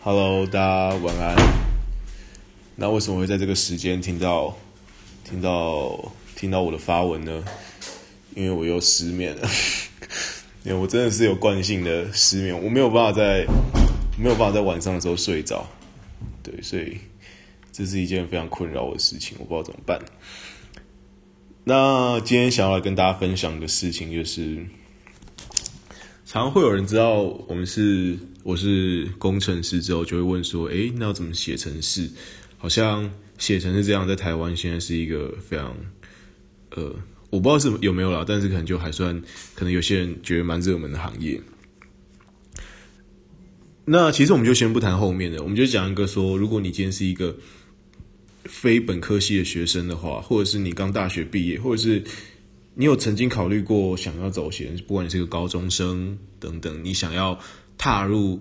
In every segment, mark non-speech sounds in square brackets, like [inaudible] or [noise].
Hello，大家晚安。那為什麼會在這個時間聽到聽到聽到我的發文呢？因為我又失眠了，因 [laughs] 為我真的是有慣性的失眠，我沒有辦法在沒有辦法在晚上的時候睡着。對，所以這是一件非常困擾我的事情，我不知道怎麼辦。那今天想要來跟大家分享的事情就是。常會有人知道我們是我是工程師之後，就會問說：誒，那要怎麼寫程式？好像寫程式這樣，在台灣現在是一個非常，呃，我不知道是有沒有啦，但是可能就還算，可能有些人覺得蠻熱門的行業。那其實我們就先不談後面的，我們就講一個說：如果你今天是一個非本科系的學生的話，或者是你剛大學畢業，或者是。你有曾經考慮過想要走鞋？不管你是個高中生等等，你想要踏入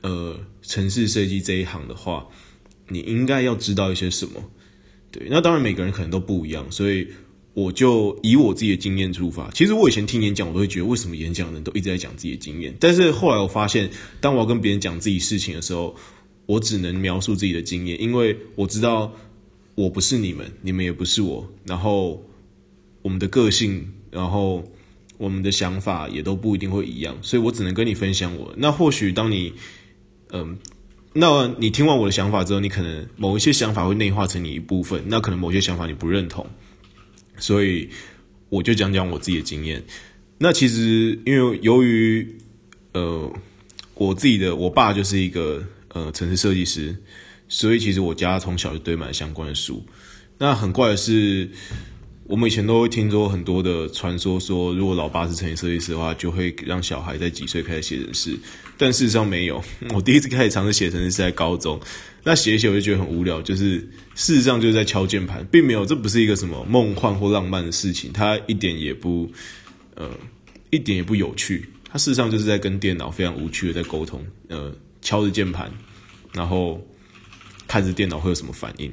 呃程式設計這一行的話，你應該要知道一些什麼？對，那當然每個人可能都不一樣，所以我就以我自己的經驗出發。其實我以前聽演講，我都會覺得為什麼演講人都一直在講自己的經驗，但是後來我發現，當我要跟別人講自己事情的時候，我只能描述自己的經驗，因為我知道我不是你們，你們也不是我，然後。我們的個性，然後我們的想法也都不一定會一樣，所以我只能跟你分享我，那或許當你，嗯、呃，那你聽完我的想法之後，你可能某一些想法會內化成你一部分，那可能某一些想法你不認同，所以我就講講我自己的經驗。那其實因為由於呃，我自己的我爸就是一個呃程式設計師，所以其實我家從小就堆滿了相關的書。那很怪的是。我們以前都會聽說很多的傳說，說如果老爸是程式設計師的話，就會讓小孩在幾歲開始寫程式。但事實上沒有，我第一次開始嘗試寫程式是在高中。那寫一寫，我就覺得很無聊，就是事實上就是在敲鍵盤，並沒有，這不是一個什麼夢幻或浪漫的事情，它一點也不，呃，一點也不有趣。它事實上就是在跟電腦非常無趣的在溝通，呃，敲着鍵盤，然後看着電腦會有什麼反應。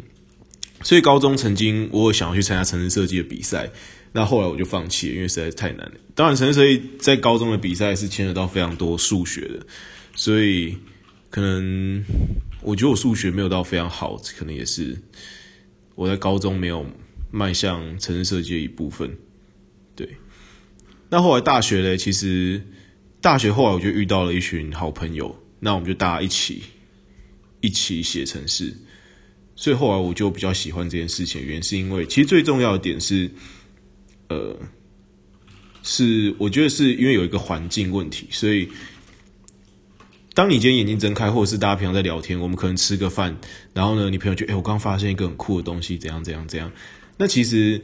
所以高中曾經我有想要去參加程式設計的比賽，那後來我就放棄了，因為實在是太難了。當然，程式設計在高中的比賽是牽扯到非常多數學的，所以可能我覺得我數學沒有到非常好，可能也是我在高中沒有邁向程式設計的一部分。對，那後來大學呢？其實大學後來我就遇到了一群好朋友，那我們就大家一起一起寫程式。所以後來，我就比較喜歡這件事情，原因是因為其實最重要的點是，呃，是我覺得是因為有一個環境問題，所以當你今天眼睛睜開，或者是大家平常在聊天，我們可能吃個飯，然後呢，你朋友就哎，我剛發現一個很酷的東西，怎樣怎樣怎樣。那其實，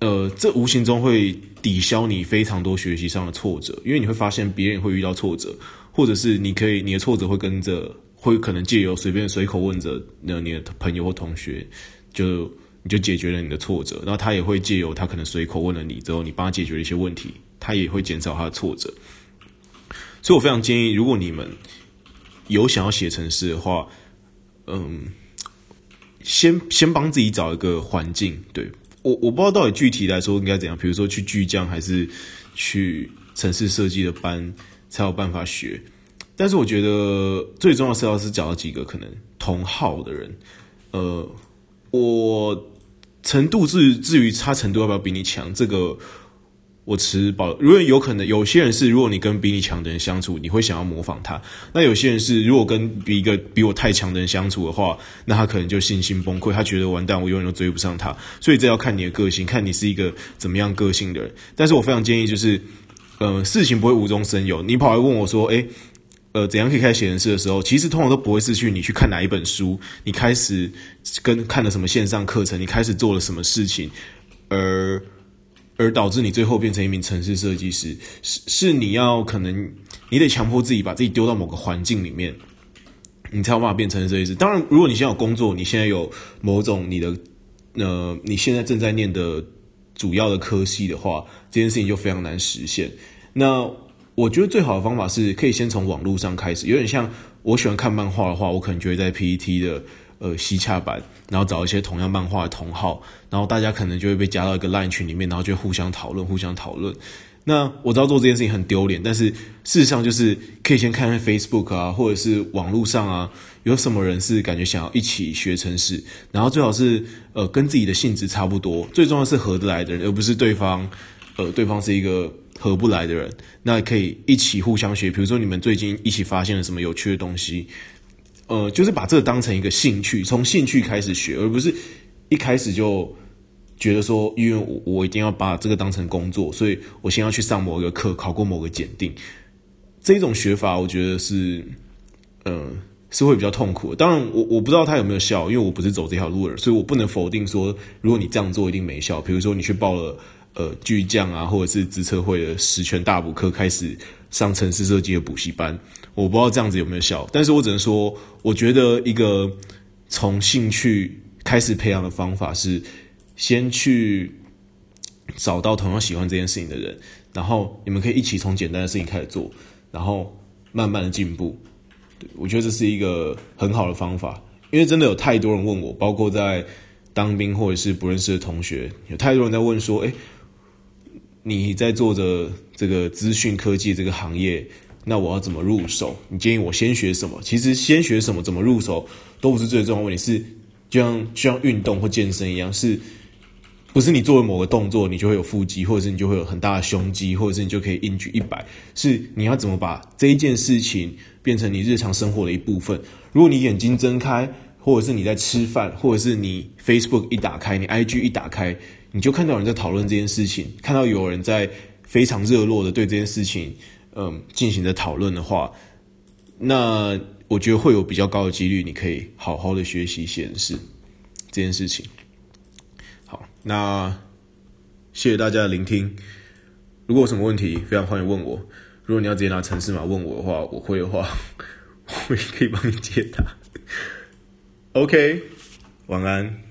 呃，這無形中會抵消你非常多學習上的挫折，因為你會發現別人會遇到挫折，或者是你可以你的挫折會跟着。會可能借由隨便隨口問着那你的朋友或同學，就你就解決了你的挫折，然後他也會借由他可能隨口問了你之後，你幫他解決了一些問題，他也會減少他的挫折。所以我非常建議，如果你們有想要寫程式的話，嗯，先先幫自己找一個環境，對，我我不知道到底具體來說應該怎樣，比如說去巨匠還是去程式設計的班才有辦法學。但是我覺得最重要是要是找到幾個可能同好的人，呃，我程度至於至於他程度要不要比你強，這個我持保。如果有可能，有些人是如果你跟比你強的人相處，你會想要模仿他，那有些人是如果跟一個比我太強的人相處的話，那他可能就信心崩潰，他覺得完蛋，我永遠都追不上他。所以這要看你的個性，看你是一個怎麼樣個性的人。但是我非常建議，就是，呃，事情不會無中生有，你跑來問我說，誒……呃，怎樣可以開始寫程式的時候，其實通常都不會是去你去看哪一本書，你開始跟看了什麼線上課程，你開始做了什麼事情，而而導致你最後變成一名程式設計師，是是你要可能你得強迫自己把自己丟到某個環境裡面，你才有辦法變成設計師。當然，如果你現在有工作，你現在有某種你的呃你現在正在念的主要的科系的話，這件事情就非常難實現。那。我覺得最好的方法是可以先從網絡上開始，有點像我喜歡看漫畫的話，我可能就會在 PTT 的呃西洽版，然後找一些同樣漫畫的同好，然後大家可能就會被加到一個 Line 群裡面，然後就會互相討論、互相討論。那我知道做這件事情很丟臉，但是事實上就是可以先看看 Facebook 啊，或者是網絡上啊，有什麼人是感覺想要一起學程式，然後最好是呃跟自己的性質差不多，最重要是合得來的人，而不是對方。呃，對方是一個合不來的人，那可以一起互相學。比如說，你們最近一起發現了什麼有趣的東西？呃，就是把這個當成一個興趣，從興趣開始學，而不是一開始就覺得說，因為我我一定要把這個當成工作，所以我先要去上某一個課，考過某個檢定。這種學法，我覺得是，嗯、呃，是會比較痛苦的。當然我，我我不知道它有沒有效，因為我不是走這條路的，所以我不能否定說，如果你這樣做，一定沒效。比如說，你去報了。呃，巨匠啊，或者是資策會的十全大補課，開始上程式設計的補習班。我不知道這樣子有沒有效，但是我只能說，我覺得一個從興趣開始培養的方法是，先去找到同樣喜歡這件事情的人，然後你們可以一起從簡單的事情開始做，然後慢慢的進步。我覺得這是一個很好的方法，因為真的有太多人問我，包括在當兵或者是不認識的同學，有太多人在問說，誒……你在做着這個資訊科技這個行業，那我要怎麼入手？你建議我先學什麼？其實先學什麼、怎麼入手都不是最重要的問題，是就像就像運動或健身一樣，是不是你做了某個動作，你就會有腹肌，或者是你就會有很大的胸肌，或者是你就可以硬舉一百？是你要怎麼把這一件事情變成你日常生活的一部分？如果你眼睛睜開，或者是你在吃飯，或者是你 Facebook 一打開，你 IG 一打開。你就看到有人在討論這件事情，看到有人在非常熱絡的對這件事情，嗯，進行的討論的話，那我覺得會有比較高的幾率，你可以好好的學習寫程式這件事情。好，那謝謝大家的聆聽。如果有什麼問題，非常歡迎問我。如果你要直接拿程式碼問我的話，我會的話，我可以幫你解答。OK，晚安。